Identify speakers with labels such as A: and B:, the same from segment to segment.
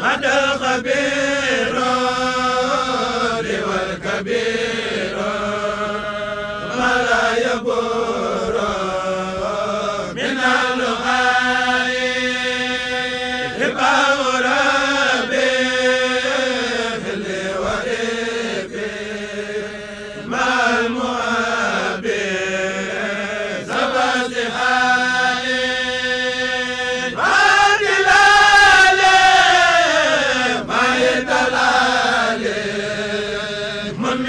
A: mata xabe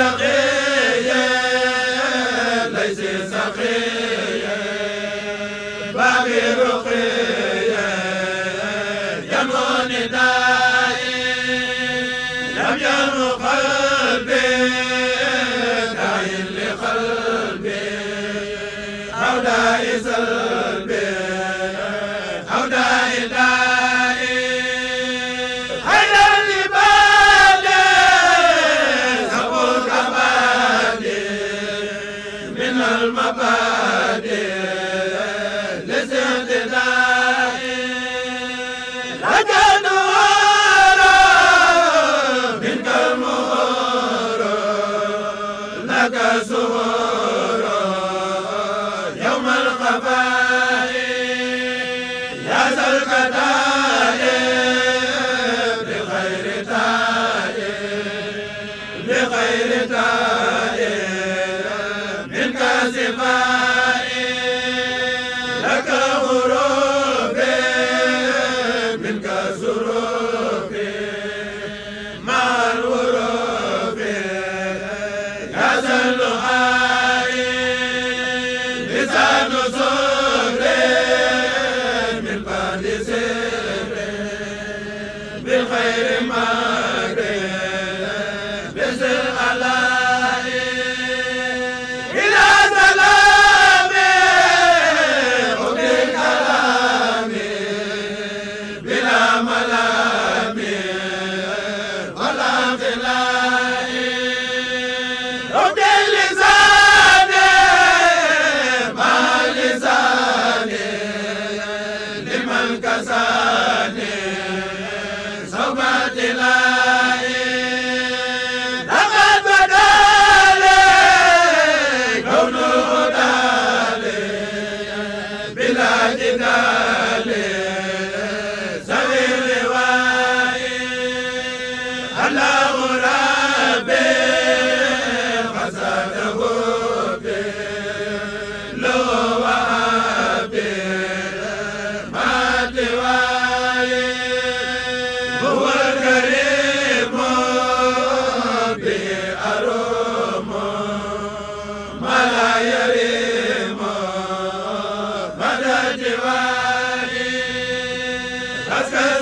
A: a خير تاج من كاسفان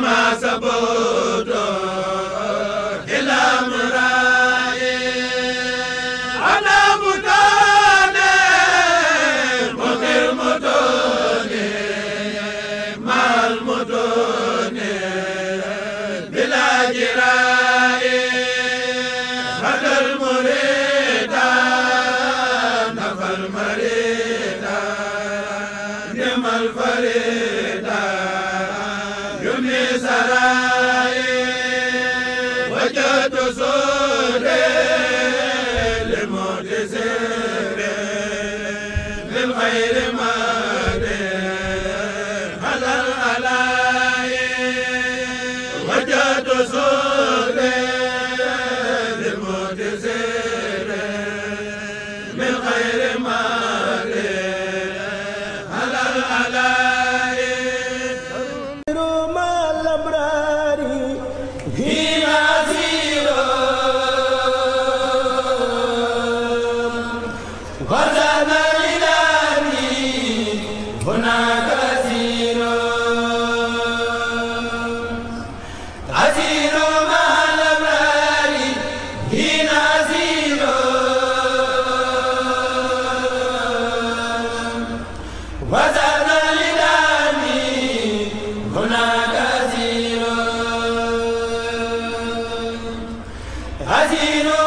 A: ma sabab Dozo Azinu